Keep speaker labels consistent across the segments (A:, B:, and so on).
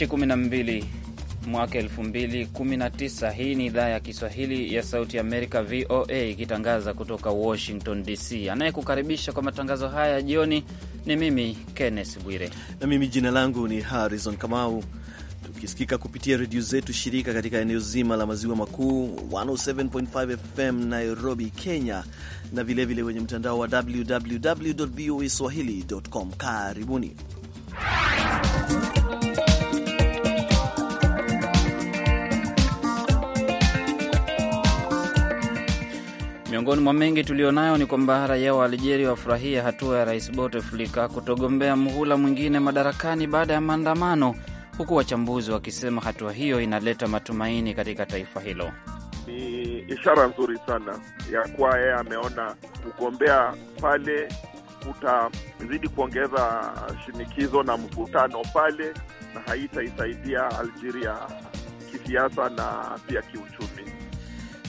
A: Machi 12 mwaka 2019. Hii ni idhaa ya Kiswahili ya Sauti ya Amerika, VOA, ikitangaza kutoka Washington DC. Anayekukaribisha kwa matangazo haya ya jioni ni mimi
B: Kenneth Bwire, na mimi jina langu ni Harrison Kamau, tukisikika kupitia redio zetu shirika katika eneo zima la maziwa makuu, 107.5 FM Nairobi, Kenya, na vilevile kwenye mtandao wa www voa swahili.com. Karibuni.
A: Miongoni mwa mengi tulionayo ni kwamba raia wa Algeria wafurahia hatua ya rais Bouteflika kutogombea muhula mwingine madarakani baada ya maandamano, huku wachambuzi wakisema hatua hiyo inaleta matumaini katika taifa hilo.
C: Ni ishara nzuri sana ya kuwa yeye ameona kugombea pale kutazidi kuongeza shinikizo na mvutano pale, na haitaisaidia Algeria kisiasa na pia kiuchumi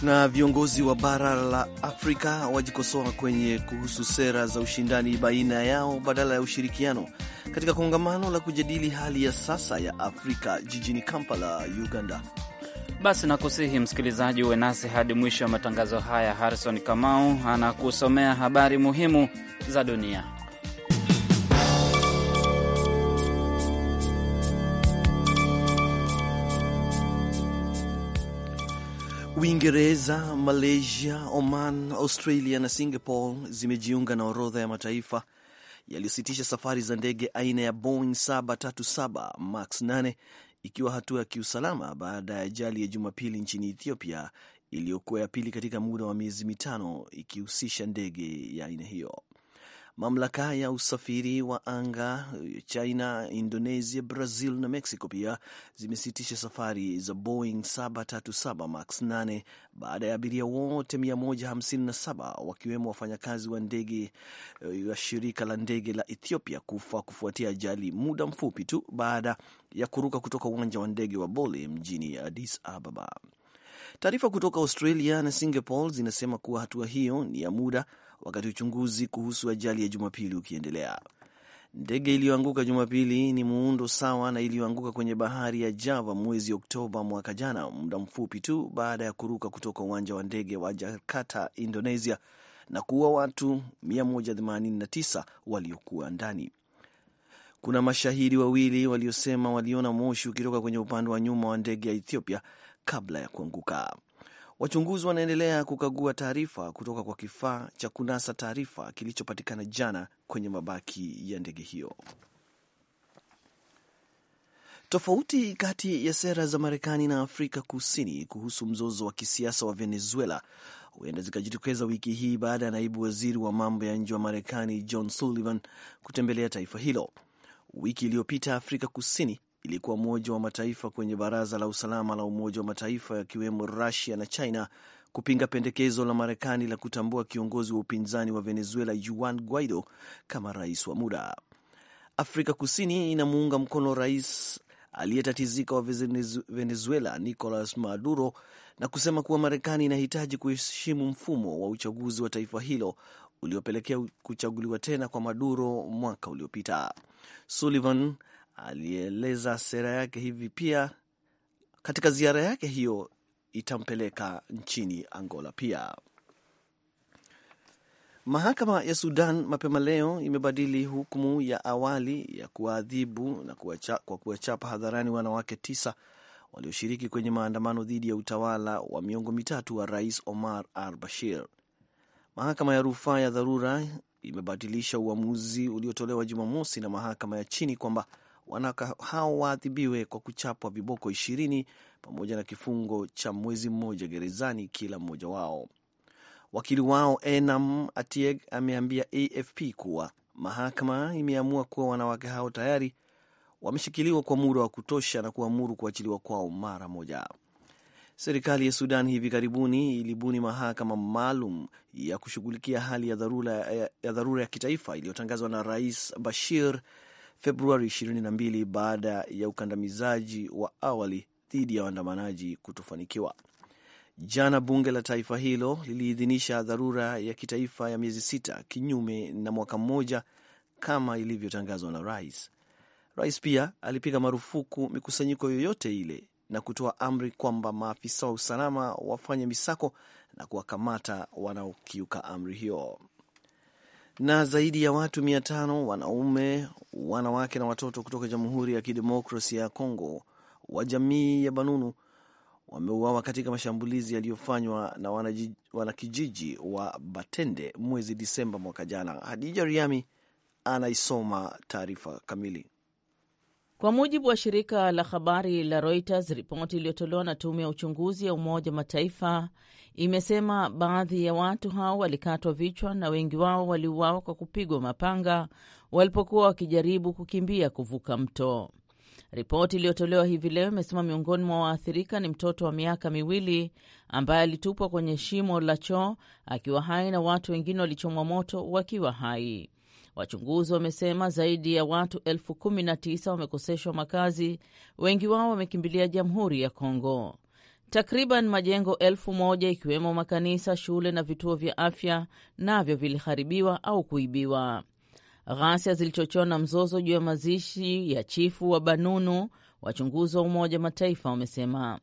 B: na viongozi wa bara la Afrika wajikosoa kwenye kuhusu sera za ushindani baina yao badala ya ushirikiano katika kongamano la kujadili hali ya sasa ya Afrika jijini Kampala, Uganda.
A: Basi nakusihi msikilizaji, uwe nasi hadi mwisho wa matangazo haya. Harrison Kamau anakusomea habari muhimu za dunia.
B: Uingereza, Malaysia, Oman, Australia na Singapore zimejiunga na orodha ya mataifa yaliyositisha safari za ndege aina ya Boeing 737 Max 8 ikiwa hatua ya kiusalama baada ya ajali ya Jumapili nchini Ethiopia iliyokuwa ya pili katika muda wa miezi mitano ikihusisha ndege ya aina hiyo. Mamlaka ya usafiri wa anga China, Indonesia, Brazil na Mexico pia zimesitisha safari za Boeing 737 max 8 baada ya abiria wote 157 wakiwemo wafanyakazi wa ndege eh, wa shirika la ndege la Ethiopia kufa kufuatia ajali muda mfupi tu baada ya kuruka kutoka uwanja wa ndege wa Bole mjini Addis Ababa. Taarifa kutoka Australia na Singapore zinasema kuwa hatua hiyo ni ya muda wakati uchunguzi kuhusu ajali ya Jumapili ukiendelea. Ndege iliyoanguka Jumapili ni muundo sawa na iliyoanguka kwenye bahari ya Java mwezi Oktoba mwaka jana, muda mfupi tu baada ya kuruka kutoka uwanja wa ndege wa Jakarta, Indonesia, na kuua watu 189 waliokuwa ndani. Kuna mashahidi wawili waliosema waliona moshi ukitoka kwenye upande wa nyuma wa ndege ya Ethiopia kabla ya kuanguka. Wachunguzi wanaendelea kukagua taarifa kutoka kwa kifaa cha kunasa taarifa kilichopatikana jana kwenye mabaki ya ndege hiyo. Tofauti kati ya sera za Marekani na Afrika Kusini kuhusu mzozo wa kisiasa wa Venezuela huenda zikajitokeza wiki hii baada ya naibu waziri wa mambo ya nje wa Marekani John Sullivan kutembelea taifa hilo. Wiki iliyopita Afrika Kusini ilikuwa mmoja wa Mataifa kwenye Baraza la Usalama la Umoja wa Mataifa, yakiwemo Rusia na China kupinga pendekezo la Marekani la kutambua kiongozi wa upinzani wa Venezuela Juan Guaido kama rais wa muda. Afrika Kusini inamuunga mkono rais aliyetatizika wa Venezuela Nicolas Maduro na kusema kuwa Marekani inahitaji kuheshimu mfumo wa uchaguzi wa taifa hilo uliopelekea kuchaguliwa tena kwa Maduro mwaka uliopita. Sullivan alieleza sera yake hivi pia katika ziara yake hiyo itampeleka nchini Angola pia. Mahakama ya Sudan mapema leo imebadili hukumu ya awali ya kuwaadhibu na kuwacha, kwa kuwachapa hadharani wanawake tisa walioshiriki kwenye maandamano dhidi ya utawala wa miongo mitatu wa Rais Omar al Bashir. Mahakama ya rufaa ya dharura imebatilisha uamuzi uliotolewa Jumamosi na mahakama ya chini kwamba wanawake hao waadhibiwe kwa kuchapwa viboko ishirini pamoja na kifungo cha mwezi mmoja gerezani kila mmoja wao. Wakili wao Enam Atieg ameambia AFP kuwa mahakama imeamua kuwa wanawake hao tayari wameshikiliwa kwa muda wa kutosha na kuamuru kuachiliwa kwao mara moja. Serikali ya Sudan hivi karibuni ilibuni mahakama maalum ya kushughulikia hali ya dharura ya, ya, dharura ya kitaifa iliyotangazwa na Rais Bashir Februari 22 baada ya ukandamizaji wa awali dhidi ya waandamanaji kutofanikiwa. Jana bunge la taifa hilo liliidhinisha dharura ya kitaifa ya miezi sita, kinyume na mwaka mmoja kama ilivyotangazwa na rais. Rais pia alipiga marufuku mikusanyiko yoyote ile na kutoa amri kwamba maafisa wa usalama wafanye misako na kuwakamata wanaokiuka amri hiyo na zaidi ya watu mia tano wanaume, wanawake na watoto kutoka Jamhuri ya Kidemokrasia ya Kongo wa jamii ya Banunu wameuawa katika mashambulizi yaliyofanywa na wanakijiji wa Batende mwezi Disemba mwaka jana. Hadija Riami anaisoma taarifa kamili.
D: Kwa mujibu wa shirika la habari la Reuters, ripoti iliyotolewa na tume ya uchunguzi ya Umoja Mataifa imesema baadhi ya watu hao walikatwa vichwa na wengi wao waliuawa kwa kupigwa mapanga walipokuwa wakijaribu kukimbia kuvuka mto. Ripoti iliyotolewa hivi leo imesema miongoni mwa waathirika ni mtoto wa miaka miwili ambaye alitupwa kwenye shimo la choo akiwa hai na watu wengine walichomwa moto wakiwa hai. Wachunguzi wamesema zaidi ya watu elfu kumi na tisa wamekoseshwa makazi, wengi wao wamekimbilia Jamhuri ya Kongo. Takriban majengo elfu moja ikiwemo makanisa, shule na vituo vya afya navyo viliharibiwa au kuibiwa. Ghasia zilichochewa na mzozo juu ya mazishi ya chifu wa Banunu, wachunguzi wa Umoja Mataifa wamesema.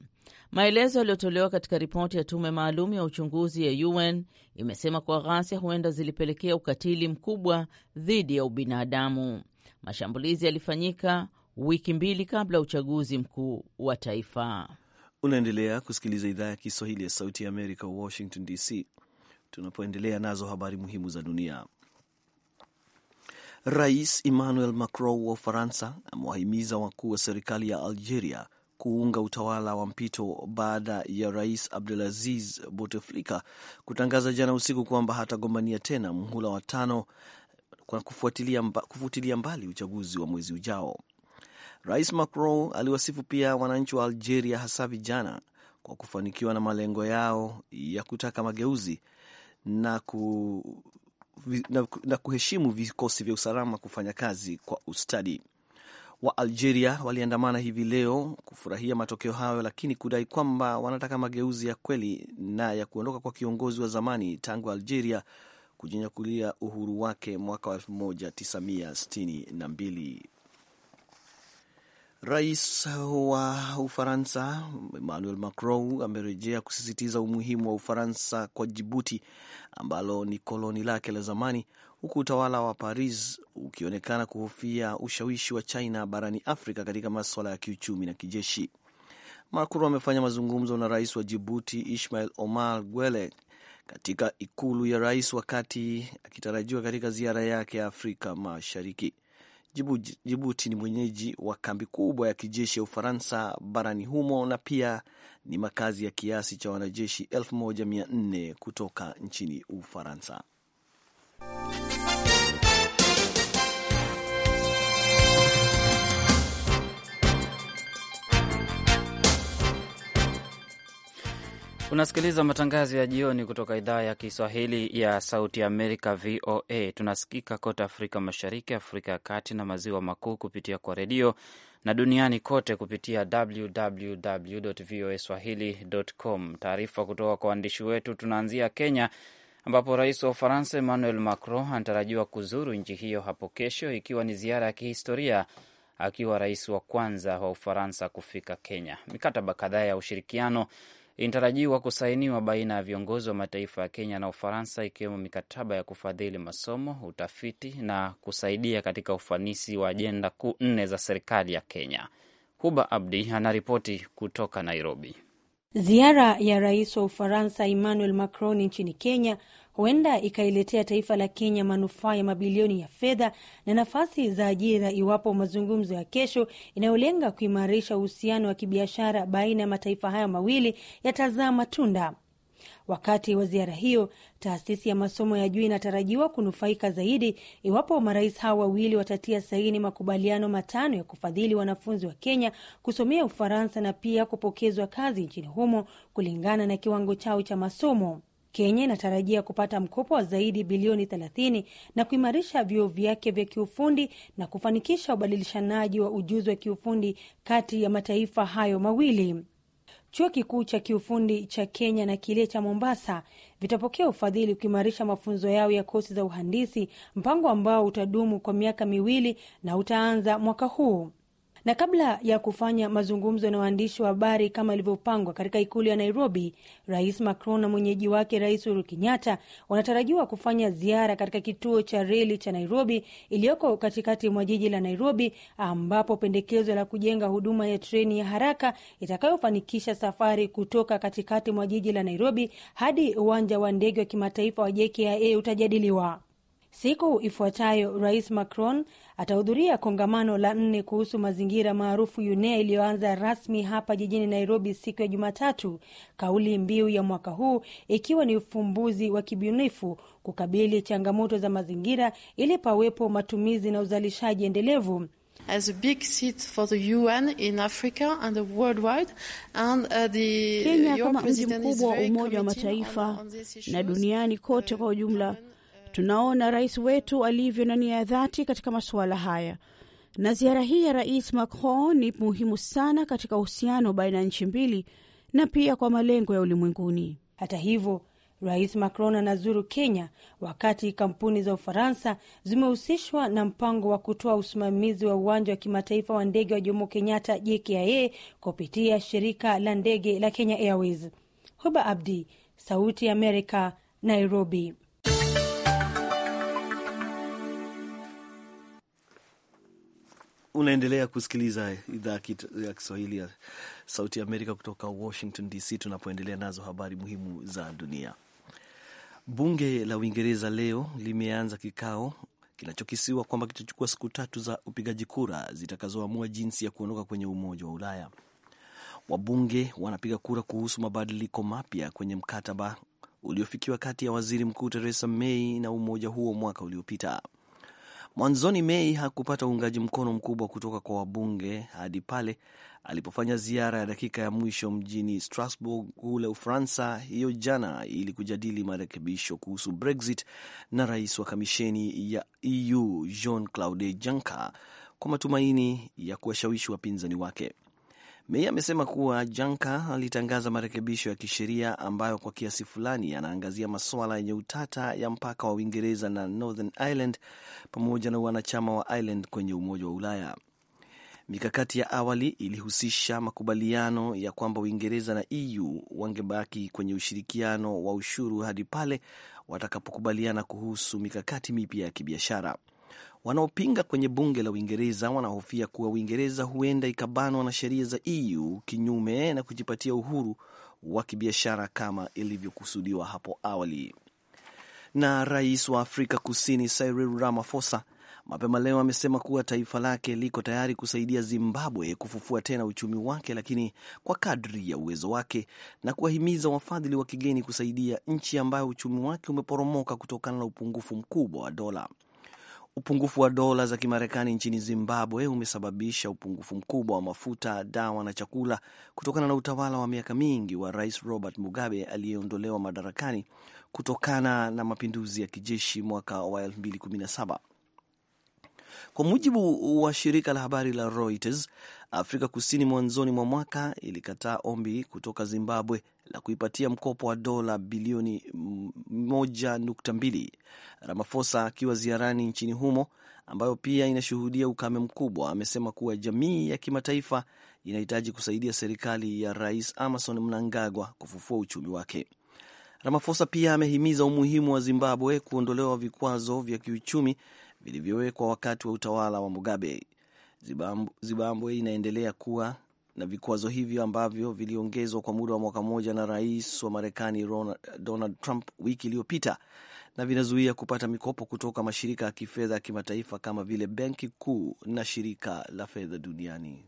D: Maelezo yaliyotolewa katika ripoti ya tume maalum ya uchunguzi ya UN imesema kuwa ghasia huenda zilipelekea ukatili mkubwa dhidi ya ubinadamu. Mashambulizi yalifanyika wiki mbili kabla ya uchaguzi mkuu wa
B: taifa. Unaendelea kusikiliza idhaa ya Kiswahili ya Sauti ya Amerika, Washington DC, tunapoendelea nazo habari muhimu za dunia. Rais Emmanuel Macron wa Ufaransa amewahimiza wakuu wa serikali ya Algeria kuunga utawala wa mpito baada ya rais Abdulaziz Bouteflika kutangaza jana usiku kwamba hatagombania tena mhula wa tano kwa kufuatilia, mba, kufutilia mbali uchaguzi wa mwezi ujao. Rais Macron aliwasifu pia wananchi wa Algeria, hasa vijana, kwa kufanikiwa na malengo yao ya kutaka mageuzi na ku na, na kuheshimu vikosi vya usalama kufanya kazi kwa ustadi wa Algeria waliandamana hivi leo kufurahia matokeo hayo, lakini kudai kwamba wanataka mageuzi ya kweli na ya kuondoka kwa kiongozi wa zamani tangu Algeria kujinyakulia uhuru wake mwaka wa 1962. Rais wa Ufaransa Emmanuel Macron amerejea kusisitiza umuhimu wa Ufaransa kwa Jibuti ambalo ni koloni lake la zamani, huku utawala wa Paris ukionekana kuhofia ushawishi wa China barani Afrika katika maswala ya kiuchumi na kijeshi. Macron amefanya mazungumzo na rais wa Jibuti Ismail Omar Gwele katika ikulu ya rais, wakati akitarajiwa katika ziara yake ya Afrika Mashariki. Jibuti ni mwenyeji wa kambi kubwa ya kijeshi ya Ufaransa barani humo na pia ni makazi ya kiasi cha wanajeshi 1400 kutoka nchini Ufaransa.
A: Unasikiliza matangazo ya jioni kutoka idhaa ya Kiswahili ya Sauti Amerika, VOA. Tunasikika kote Afrika Mashariki, Afrika ya Kati na Maziwa Makuu kupitia kwa redio na duniani kote kupitia www voa swahili com. Taarifa kutoka kwa waandishi wetu, tunaanzia Kenya ambapo rais wa Ufaransa Emmanuel Macron anatarajiwa kuzuru nchi hiyo hapo kesho, ikiwa ni ziara ya kihistoria akiwa rais wa kwanza wa Ufaransa kufika Kenya. Mikataba kadhaa ya ushirikiano inatarajiwa kusainiwa baina ya viongozi wa mataifa ya Kenya na Ufaransa, ikiwemo mikataba ya kufadhili masomo, utafiti na kusaidia katika ufanisi wa ajenda kuu nne za serikali ya Kenya. Huba Abdi anaripoti kutoka Nairobi.
E: Ziara ya rais wa Ufaransa Emmanuel Macron nchini Kenya huenda ikailetea taifa la Kenya manufaa ya mabilioni ya fedha na nafasi za ajira iwapo mazungumzo ya kesho inayolenga kuimarisha uhusiano wa kibiashara baina ya mataifa hayo mawili yatazaa matunda. Wakati wa ziara hiyo, taasisi ya masomo ya juu inatarajiwa kunufaika zaidi iwapo marais hawa wawili watatia saini makubaliano matano ya kufadhili wanafunzi wa Kenya kusomea Ufaransa na pia kupokezwa kazi nchini humo kulingana na kiwango chao cha masomo. Kenya inatarajia kupata mkopo wa zaidi bilioni 30 na kuimarisha vyuo vyake vya kiufundi na kufanikisha ubadilishanaji wa ujuzi wa kiufundi kati ya mataifa hayo mawili. Chuo kikuu cha kiufundi cha Kenya na kile cha Mombasa vitapokea ufadhili kuimarisha mafunzo yao ya kosi za uhandisi, mpango ambao utadumu kwa miaka miwili na utaanza mwaka huu. Na kabla ya kufanya mazungumzo na waandishi wa habari kama ilivyopangwa katika ikulu ya Nairobi, Rais Macron na mwenyeji wake Rais Uhuru Kenyatta wanatarajiwa kufanya ziara katika kituo cha reli cha Nairobi iliyoko katikati mwa jiji la Nairobi, ambapo pendekezo la kujenga huduma ya treni ya haraka itakayofanikisha safari kutoka katikati mwa jiji la Nairobi hadi uwanja wa ndege wa kimataifa wa JKIA utajadiliwa. Siku ifuatayo Rais Macron atahudhuria kongamano la nne kuhusu mazingira maarufu UNEA iliyoanza rasmi hapa jijini Nairobi siku ya Jumatatu, kauli mbiu ya mwaka huu ikiwa ni ufumbuzi wa kibunifu kukabili changamoto za mazingira ili pawepo matumizi na uzalishaji endelevu.
D: Kenya kama mji mkubwa wa Umoja wa Mataifa na duniani kote kwa
E: ujumla Tunaona rais wetu alivyo na nia ya dhati katika masuala haya, na ziara hii ya Rais Macron ni muhimu sana katika uhusiano baina ya nchi mbili na pia kwa malengo ya ulimwenguni. Hata hivyo, Rais Macron anazuru Kenya wakati kampuni za Ufaransa zimehusishwa na mpango wa kutoa usimamizi wa uwanja wa kimataifa wa ndege wa Jomo Kenyatta JKIA kupitia shirika la ndege la Kenya Airways. Huba Abdi, Sauti ya Amerika, Nairobi.
B: Unaendelea kusikiliza idhaa ya Kiswahili ya Sauti ya Amerika kutoka Washington DC, tunapoendelea nazo habari muhimu za dunia. Bunge la Uingereza leo limeanza kikao kinachokisiwa kwamba kitachukua siku tatu za upigaji kura zitakazoamua jinsi ya kuondoka kwenye Umoja wa Ulaya. Wabunge wanapiga kura kuhusu mabadiliko mapya kwenye mkataba uliofikiwa kati ya waziri mkuu Theresa May na umoja huo mwaka uliopita. Mwanzoni Mei hakupata uungaji mkono mkubwa kutoka kwa wabunge hadi pale alipofanya ziara ya dakika ya mwisho mjini Strasbourg kule Ufaransa hiyo jana, ili kujadili marekebisho kuhusu Brexit na rais wa kamisheni ya EU Jean Claude Juncker kwa matumaini ya kuwashawishi wapinzani wake. Mei amesema kuwa Janka alitangaza marekebisho ya kisheria ambayo kwa kiasi fulani yanaangazia masuala yenye utata ya mpaka wa Uingereza na Northern Ireland pamoja na wanachama wa Ireland kwenye Umoja wa Ulaya. Mikakati ya awali ilihusisha makubaliano ya kwamba Uingereza na EU wangebaki kwenye ushirikiano wa ushuru hadi pale watakapokubaliana kuhusu mikakati mipya ya kibiashara. Wanaopinga kwenye bunge la Uingereza wanahofia kuwa Uingereza huenda ikabanwa na sheria za EU kinyume na kujipatia uhuru wa kibiashara kama ilivyokusudiwa hapo awali. Na rais wa Afrika Kusini Cyril Ramaphosa mapema leo amesema kuwa taifa lake liko tayari kusaidia Zimbabwe kufufua tena uchumi wake, lakini kwa kadri ya uwezo wake, na kuwahimiza wafadhili wa kigeni kusaidia nchi ambayo uchumi wake umeporomoka kutokana na upungufu mkubwa wa dola. Upungufu wa dola za Kimarekani nchini Zimbabwe umesababisha upungufu mkubwa wa mafuta, dawa na chakula kutokana na utawala wa miaka mingi wa Rais Robert Mugabe aliyeondolewa madarakani kutokana na mapinduzi ya kijeshi mwaka wa 2017. Kwa mujibu wa shirika la habari la Reuters, Afrika Kusini mwanzoni mwa mwaka ilikataa ombi kutoka Zimbabwe la kuipatia mkopo wa dola bilioni 1.2 ramafosa akiwa ziarani nchini humo ambayo pia inashuhudia ukame mkubwa, amesema kuwa jamii ya kimataifa inahitaji kusaidia serikali ya Rais Emmerson Mnangagwa kufufua uchumi wake. ramafosa pia amehimiza umuhimu wa Zimbabwe kuondolewa vikwazo vya kiuchumi vilivyowekwa wakati wa utawala wa Mugabe. Zimbabwe inaendelea kuwa na vikwazo hivyo ambavyo viliongezwa kwa muda wa mwaka mmoja na rais wa Marekani Donald Trump wiki iliyopita na vinazuia kupata mikopo kutoka mashirika ya kifedha ya kimataifa kama vile Benki Kuu na Shirika la Fedha Duniani.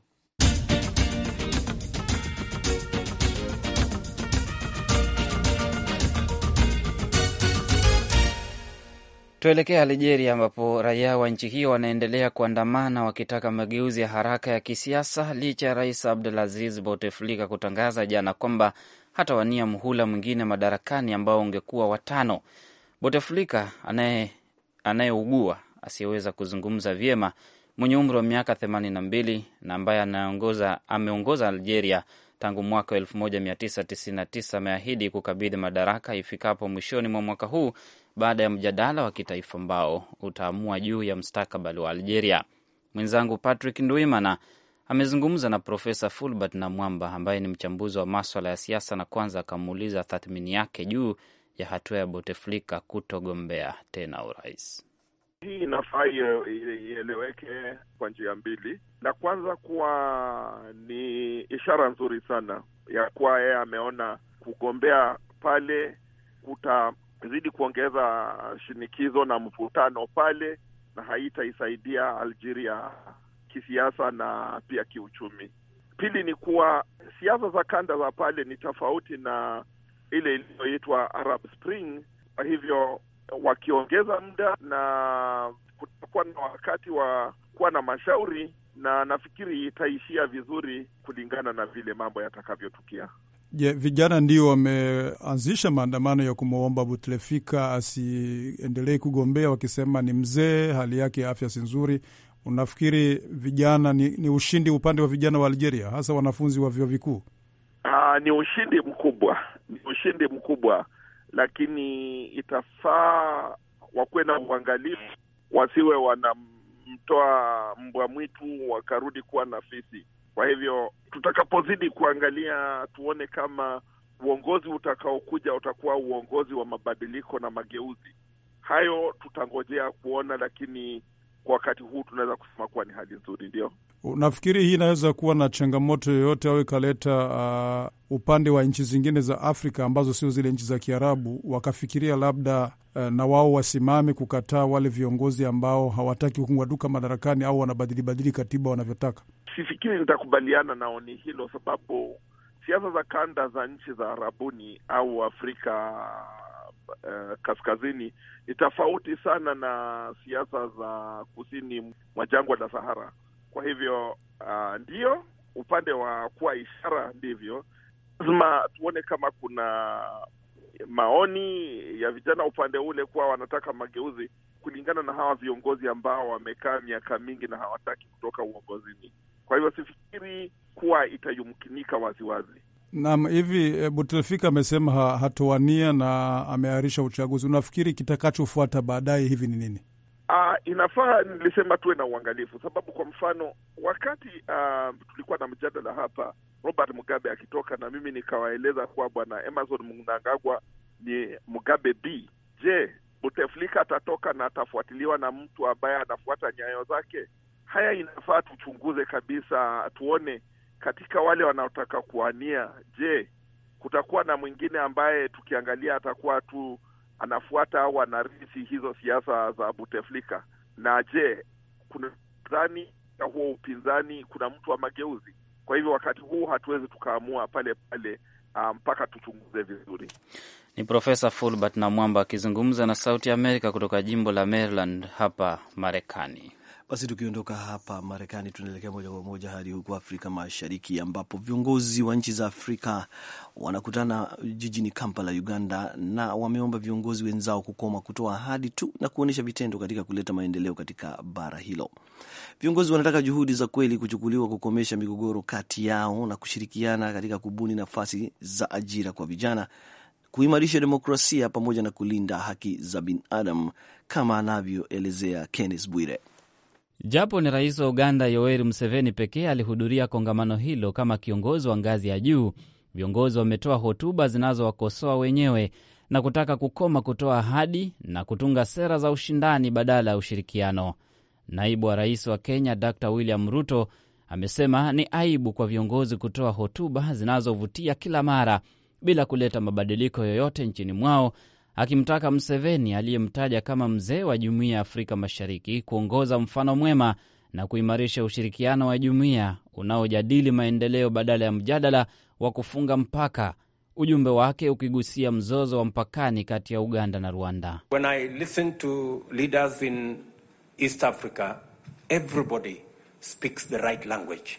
A: Tuelekea Algeria ambapo raia wa nchi hiyo wanaendelea kuandamana wakitaka mageuzi ya haraka ya kisiasa licha ya rais Abdelaziz Bouteflika kutangaza jana kwamba hatawania mhula mwingine madarakani ambao ungekuwa watano. Bouteflika anayeugua asiyeweza kuzungumza vyema mwenye umri wa miaka 82 na ambaye ameongoza Algeria Tangu mwaka 1999 ameahidi kukabidhi madaraka ifikapo mwishoni mwa mwaka huu baada ya mjadala wa kitaifa ambao utaamua juu ya mstakabali wa Algeria. Mwenzangu Patrick Ndwimana amezungumza na Profesa Fulbert na Mwamba ambaye ni mchambuzi wa maswala ya siasa, na kwanza akamuuliza tathmini yake juu ya hatua ya Bouteflika kutogombea
C: tena urais. Hii inafaa ieleweke kwa njia mbili. La kwanza kuwa ni ishara nzuri sana ya kuwa yeye ameona kugombea pale kutazidi kuongeza shinikizo na mvutano pale, na haitaisaidia Algeria kisiasa na pia kiuchumi. Pili ni kuwa siasa za kanda za pale ni tofauti na ile iliyoitwa Arab Spring, kwa hivyo wakiongeza muda na kutakuwa na wakati wa kuwa na mashauri, na nafikiri itaishia vizuri kulingana na vile mambo yatakavyotukia.
F: Je, yeah, vijana ndio wameanzisha maandamano ya kumwomba Butlefika asiendelee kugombea, wakisema ni mzee, hali yake ya afya si nzuri. Unafikiri vijana ni, ni ushindi upande wa vijana wa Algeria, hasa wanafunzi wa vyuo vikuu? Ah, ni
C: ushindi mkubwa, ni ushindi mkubwa lakini itafaa wakuwe na uangalifu, wasiwe wanamtoa mbwa mwitu wakarudi kuwa na fisi. Kwa hivyo tutakapozidi kuangalia, tuone kama uongozi utakaokuja utakuwa uongozi wa mabadiliko na mageuzi. Hayo tutangojea kuona, lakini kwa wakati huu tunaweza kusema kuwa ni hali nzuri, ndio.
F: Unafikiri hii inaweza kuwa na changamoto yoyote au ikaleta uh, upande wa nchi zingine za Afrika ambazo sio zile nchi za Kiarabu wakafikiria labda uh, na wao wasimame kukataa wale viongozi ambao hawataki kung'aduka madarakani au wanabadilibadili katiba wanavyotaka?
C: Sifikiri nitakubaliana na oni hilo, sababu siasa za kanda za nchi za Arabuni au Afrika Uh, kaskazini ni tofauti sana na siasa za kusini mwa jangwa la Sahara. Kwa hivyo uh, ndio upande wa kuwa ishara, ndivyo lazima tuone kama kuna maoni ya vijana upande ule kuwa wanataka mageuzi kulingana na hawa viongozi ambao wamekaa miaka mingi na hawataki kutoka uongozini. Kwa hivyo sifikiri kuwa itayumkinika waziwazi. nam
F: hivi eh, Butlefika amesema hatowania na ameahirisha uchaguzi. Unafikiri kitakachofuata baadaye hivi ni nini?
C: Uh, inafaa nilisema tuwe na uangalifu, sababu kwa mfano wakati uh, tulikuwa na mjadala hapa Robert Mugabe akitoka, na mimi nikawaeleza kuwa bwana amazon Mnangagwa ni Mugabe B. Je, Buteflika atatoka na atafuatiliwa na mtu ambaye anafuata nyayo zake? Haya inafaa tuchunguze kabisa, tuone katika wale wanaotaka kuania, je, kutakuwa na mwingine ambaye tukiangalia atakuwa tu anafuata au anarithi hizo siasa za Buteflika? Na je, kuna upinzani ya huo upinzani kuna mtu wa mageuzi? Kwa hivyo wakati huu hatuwezi tukaamua pale pale
B: ah, mpaka um, tuchunguze vizuri.
A: Ni Profesa Fulbert na Mwamba akizungumza na Sauti ya Amerika kutoka jimbo la Maryland hapa Marekani.
B: Basi tukiondoka hapa Marekani, tunaelekea moja kwa moja hadi huko Afrika Mashariki, ambapo viongozi wa nchi za Afrika wanakutana jijini Kampala, Uganda, na wameomba viongozi wenzao kukoma kutoa ahadi tu na kuonyesha vitendo katika kuleta maendeleo katika bara hilo. Viongozi wanataka juhudi za kweli kuchukuliwa kukomesha migogoro kati yao na kushirikiana katika kubuni nafasi za ajira kwa vijana kuimarisha demokrasia pamoja na kulinda haki za binadamu kama anavyoelezea Kenneth Bwire.
A: Japo ni rais wa Uganda Yoweri Museveni pekee alihudhuria kongamano hilo kama kiongozi wa ngazi ya juu, viongozi wametoa hotuba zinazowakosoa wenyewe na kutaka kukoma kutoa ahadi na kutunga sera za ushindani badala ya ushirikiano. Naibu wa rais wa Kenya Dr William Ruto amesema ni aibu kwa viongozi kutoa hotuba zinazovutia kila mara bila kuleta mabadiliko yoyote nchini mwao akimtaka mseveni aliyemtaja kama mzee wa jumuiya ya Afrika Mashariki kuongoza mfano mwema na kuimarisha ushirikiano wa jumuiya unaojadili maendeleo badala ya mjadala wa kufunga mpaka, ujumbe wake ukigusia mzozo wa mpakani kati ya Uganda na Rwanda.
F: When I listen to leaders in East Africa, everybody speaks the right language.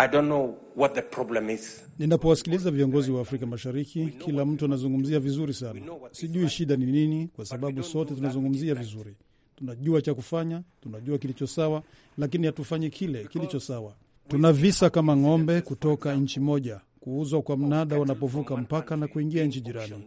F: I don't know what the problem is. Ninapowasikiliza viongozi wa Afrika Mashariki, kila mtu anazungumzia vizuri sana. Sijui shida ni nini, kwa sababu sote tunazungumzia vizuri, tunajua cha kufanya, tunajua kilicho sawa, lakini hatufanyi kile kilicho sawa. Tuna visa kama ng'ombe kutoka nchi moja kuuzwa kwa mnada wanapovuka mpaka na kuingia nchi jirani,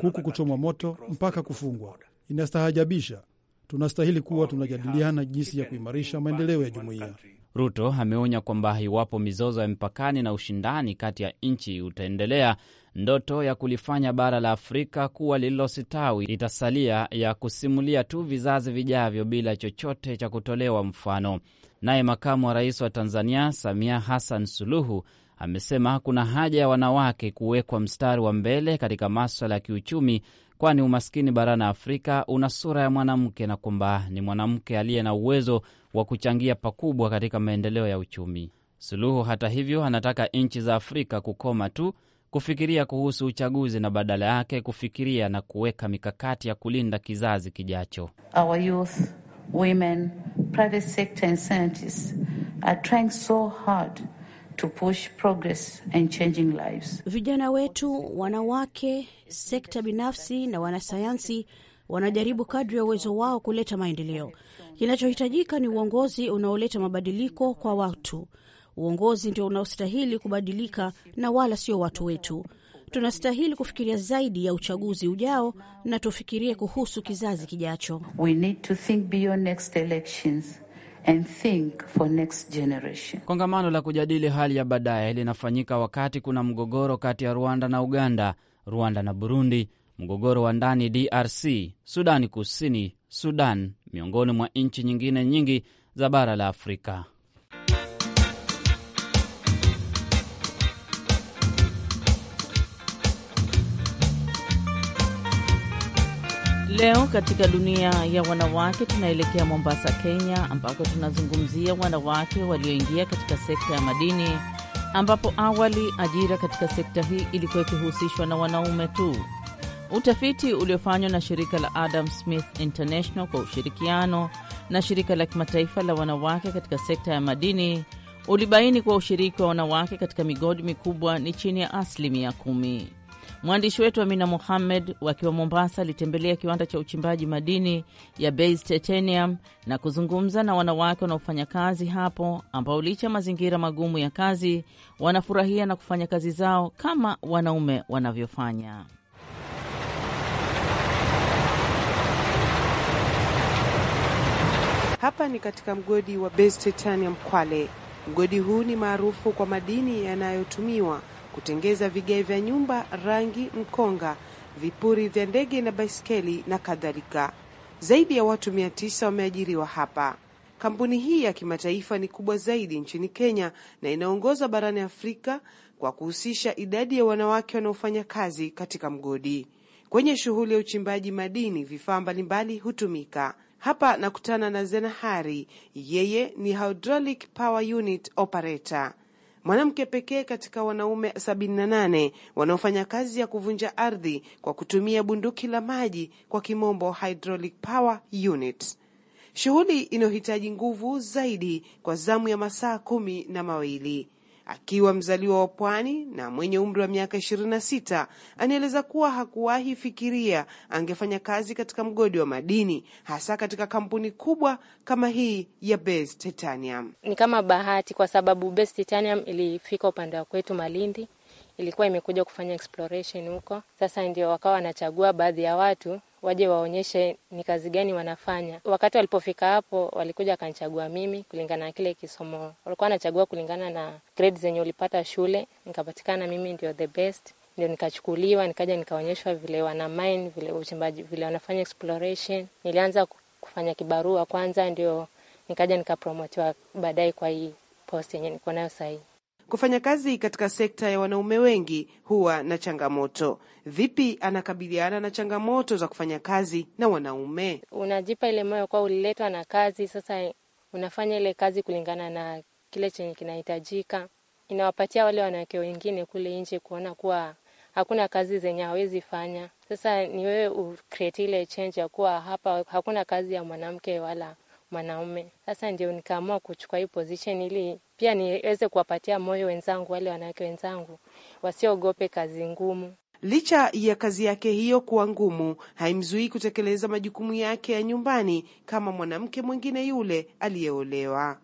F: kuku kuchomwa moto mpaka kufungwa. Inastahajabisha. Tunastahili kuwa tunajadiliana jinsi ya kuimarisha maendeleo ya jumuiya.
A: Ruto ameonya kwamba iwapo mizozo ya mpakani na ushindani kati ya nchi utaendelea, ndoto ya kulifanya bara la Afrika kuwa lililositawi itasalia ya kusimulia tu vizazi vijavyo bila chochote cha kutolewa mfano. Naye makamu wa rais wa Tanzania Samia Hassan Suluhu amesema kuna haja ya wanawake kuwekwa mstari wa mbele katika maswala ya kiuchumi kwani umaskini barani Afrika una sura ya mwanamke na kwamba ni mwanamke aliye na uwezo wa kuchangia pakubwa katika maendeleo ya uchumi. Suluhu, hata hivyo, anataka nchi za Afrika kukoma tu kufikiria kuhusu uchaguzi na badala yake kufikiria na kuweka mikakati ya kulinda kizazi kijacho.
D: Our youth, women, private sector are trying so hard to push progress and changing lives. Vijana
E: wetu, wanawake, sekta binafsi na wanasayansi wanajaribu kadri ya uwezo wao kuleta maendeleo. Kinachohitajika ni uongozi unaoleta mabadiliko kwa watu. Uongozi ndio unaostahili kubadilika na wala sio watu wetu.
D: Tunastahili kufikiria zaidi ya uchaguzi ujao na tufikirie kuhusu kizazi kijacho. We need to think beyond next elections and think for next generation.
A: Kongamano la kujadili hali ya baadaye linafanyika wakati kuna mgogoro kati ya Rwanda na Uganda, Rwanda na Burundi, mgogoro wa ndani DRC, Sudani Kusini, Sudan, miongoni mwa nchi nyingine nyingi za bara la Afrika.
D: Leo katika dunia ya wanawake tunaelekea Mombasa, Kenya, ambako tunazungumzia wanawake walioingia katika sekta ya madini, ambapo awali ajira katika sekta hii ilikuwa ikihusishwa na wanaume tu. Utafiti uliofanywa na shirika la Adam Smith International kwa ushirikiano na shirika la kimataifa la wanawake katika sekta ya madini ulibaini kuwa ushiriki wa wanawake katika migodi mikubwa ni chini ya asilimia kumi. Mwandishi wetu Amina Mohamed wakiwa Mombasa alitembelea kiwanda cha uchimbaji madini ya Base Titanium na kuzungumza na wanawake wanaofanya kazi hapo, ambao licha mazingira magumu ya kazi wanafurahia na kufanya kazi zao kama wanaume wanavyofanya.
G: Hapa ni katika mgodi wa Base Titanium Kwale. Mgodi huu ni maarufu kwa madini yanayotumiwa kutengeza vigae vya nyumba, rangi, mkonga, vipuri vya ndege na baiskeli na kadhalika. Zaidi ya watu mia tisa wameajiriwa hapa. Kampuni hii ya kimataifa ni kubwa zaidi nchini Kenya na inaongoza barani Afrika kwa kuhusisha idadi ya wanawake wanaofanya kazi katika mgodi. Kwenye shughuli ya uchimbaji madini, vifaa mbalimbali hutumika hapa. Nakutana na Zenahari, yeye ni hydraulic power unit operator mwanamke pekee katika wanaume 78 wanaofanya kazi ya kuvunja ardhi kwa kutumia bunduki la maji, kwa kimombo hydraulic power unit, shughuli inayohitaji nguvu zaidi kwa zamu ya masaa kumi na mawili akiwa mzaliwa wa pwani na mwenye umri wa miaka 26, anaeleza kuwa hakuwahi fikiria angefanya kazi katika mgodi wa
H: madini, hasa katika kampuni kubwa
G: kama hii ya Base Titanium.
H: Ni kama bahati, kwa sababu Base Titanium ilifika upande wa kwetu Malindi, ilikuwa imekuja kufanya exploration huko. Sasa ndio wakawa wanachagua baadhi ya watu waje waonyeshe ni kazi gani wanafanya. Wakati walipofika hapo, walikuja akanchagua mimi kulingana na kile kisomo walikuwa wanachagua, kulingana na grade zenye ulipata shule. Nikapatikana mimi ndio the best, ndio nikachukuliwa, nikaja nikaonyeshwa vile wana mine, vile uchimbaji, vile wanafanya exploration. Nilianza kufanya kibarua kwanza, ndio nikaja nikapromotiwa baadaye kwa hii post yenye niko nayo sahii.
G: Kufanya kazi katika sekta ya wanaume wengi huwa na changamoto. Vipi anakabiliana na changamoto za kufanya kazi na wanaume?
H: Unajipa ile moyo kuwa uliletwa na kazi, sasa unafanya ile kazi kulingana na kile chenye kinahitajika. Inawapatia wale wanawake wengine kule nje kuona kuwa hakuna kazi zenye hawezi fanya. Sasa ni wewe ukreate ile change ya kuwa hapa hakuna kazi ya mwanamke wala mwanaume. Sasa ndio nikaamua kuchukua hii position ili pia niweze kuwapatia moyo wenzangu, wale wanawake wenzangu wasiogope kazi ngumu.
G: Licha ya kazi yake hiyo kuwa ngumu, haimzuii kutekeleza majukumu yake ya nyumbani kama mwanamke mwingine yule aliyeolewa.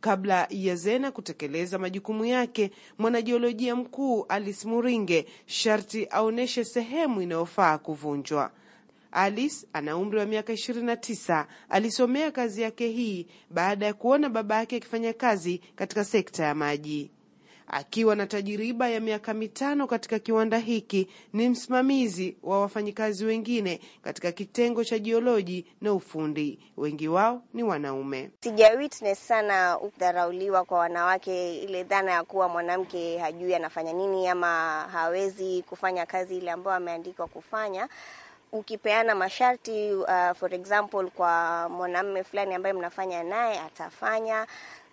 G: Kabla ya Zena kutekeleza majukumu yake, mwanajiolojia mkuu Alice Muringe sharti aonyeshe sehemu inayofaa kuvunjwa. Alice ana umri wa miaka tisa. Alisomea kazi yake hii baada ya kuona baba yake akifanya kazi katika sekta ya maji. Akiwa na tajiriba ya miaka mitano katika kiwanda hiki, ni msimamizi wa wafanyikazi wengine katika kitengo cha jioloji na ufundi. Wengi wao ni wanaume.
I: Sija witness sana kudharauliwa kwa wanawake, ile dhana ya kuwa mwanamke hajui anafanya nini ama hawezi kufanya kazi ile ambayo ameandikwa kufanya ukipeana masharti uh, for example kwa mwanamme fulani ambaye mnafanya naye atafanya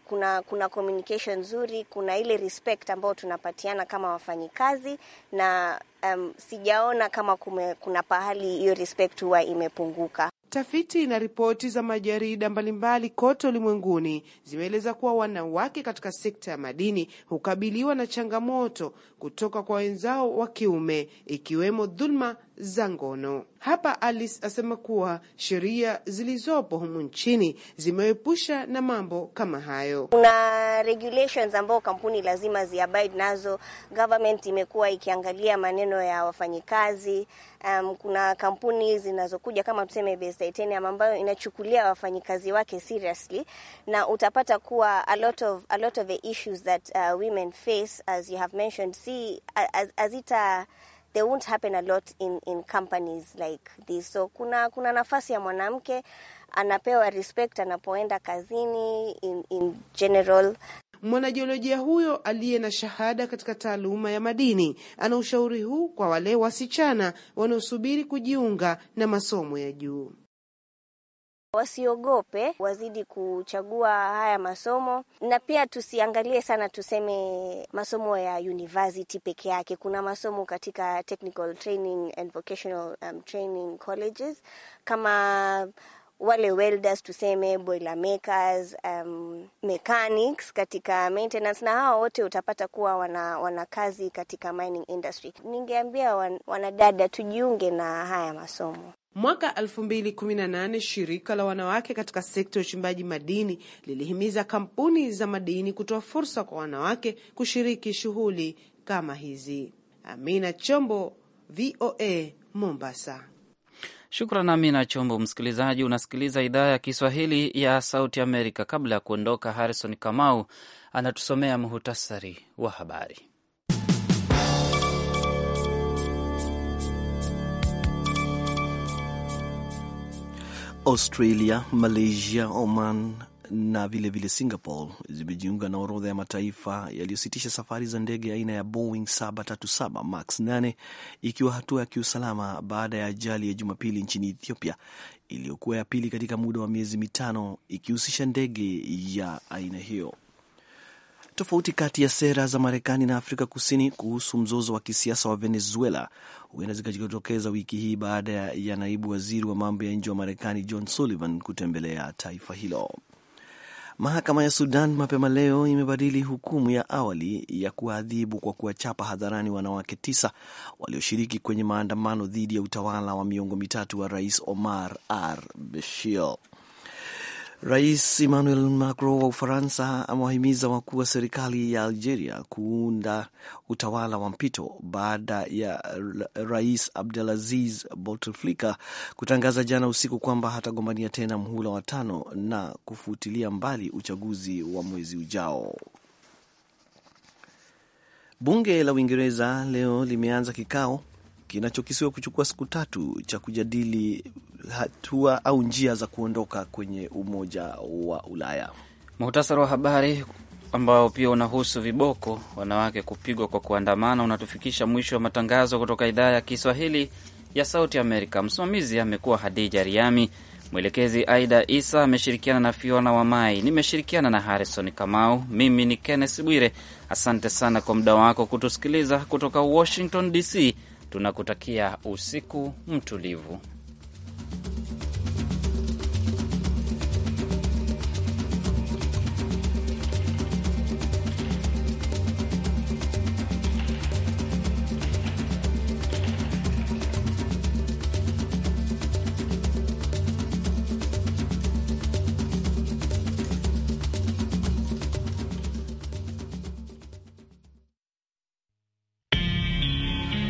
I: kuna kuna communication nzuri, kuna ile respect ambayo tunapatiana kama wafanyikazi na um, sijaona kama kume, kuna pahali hiyo respect huwa imepunguka.
G: Tafiti na ripoti za majarida mbalimbali kote ulimwenguni zimeeleza kuwa wanawake katika sekta ya madini hukabiliwa na changamoto kutoka kwa wenzao wa kiume ikiwemo dhulma za ngono. Hapa Alice asema kuwa sheria zilizopo humu nchini zimeepusha na mambo kama hayo.
I: Kuna regulations ambao kampuni lazima ziabide nazo. Government imekuwa ikiangalia maneno ya wafanyikazi. Um, kuna kampuni zinazokuja kama tuseme Base Titanium ambayo inachukulia wafanyikazi wake seriously, na utapata kuwa a lot of, a lot of the issues that uh, women face as you have mentioned si azita as, as they won't happen a lot in, in companies like this. So kuna, kuna nafasi ya mwanamke anapewa respect anapoenda kazini in, in general.
G: Mwanajiolojia huyo aliye na shahada katika taaluma ya madini ana ushauri huu kwa wale wasichana wanaosubiri kujiunga na masomo ya juu
I: wasiogope, wazidi kuchagua haya masomo, na pia tusiangalie sana tuseme masomo ya university peke yake. Kuna masomo katika technical training and vocational um, training colleges kama wale welders tuseme, boiler makers, um, mechanics katika maintenance, na hao wote utapata kuwa wana, wana kazi katika mining industry. Ningeambia wan, wanadada tujiunge na haya masomo. Mwaka 2018
G: shirika la wanawake katika sekta ya uchimbaji madini lilihimiza kampuni za madini kutoa fursa kwa wanawake kushiriki shughuli kama hizi. Amina Chombo, VOA Mombasa.
A: Shukran Amina Chombo. Msikilizaji, unasikiliza idhaa ya Kiswahili ya Sauti Amerika. Kabla ya kuondoka, Harrison Kamau anatusomea muhutasari wa habari.
B: Australia, Malaysia, Oman na vilevile vile Singapore zimejiunga na orodha ya mataifa yaliyositisha safari za ndege aina ya Boeing 737 Max 8 ikiwa hatua ya kiusalama baada ya ajali ya Jumapili nchini Ethiopia iliyokuwa ya pili katika muda wa miezi mitano ikihusisha ndege ya aina hiyo. Tofauti kati ya sera za Marekani na Afrika Kusini kuhusu mzozo wa kisiasa wa Venezuela huenda zikajitokeza wiki hii baada ya naibu waziri wa mambo ya nje wa Marekani John Sullivan kutembelea taifa hilo. Mahakama ya Sudan mapema leo imebadili hukumu ya awali ya kuadhibu kwa kuwachapa hadharani wanawake tisa walioshiriki kwenye maandamano dhidi ya utawala wa miongo mitatu wa Rais Omar al Bashir. Rais Emmanuel Macron wa Ufaransa amewahimiza wakuu wa serikali ya Algeria kuunda utawala wa mpito baada ya Rais Abdelaziz Bouteflika kutangaza jana usiku kwamba hatagombania tena mhula wa tano na kufutilia mbali uchaguzi wa mwezi ujao. Bunge la Uingereza leo limeanza kikao kinachokisiwa kuchukua siku tatu cha kujadili hatua au njia za kuondoka kwenye Umoja wa Ulaya. Muhtasari wa habari
A: ambao pia unahusu viboko wanawake kupigwa kwa kuandamana unatufikisha mwisho wa matangazo kutoka idhaa ya Kiswahili ya Sauti Amerika. Msimamizi amekuwa Hadija Riami, mwelekezi Aida Isa ameshirikiana na Fiona Wamai, nimeshirikiana na Harrison Kamau. Mimi ni Kenneth Bwire, asante sana kwa muda wako kutusikiliza. Kutoka Washington DC tunakutakia usiku mtulivu.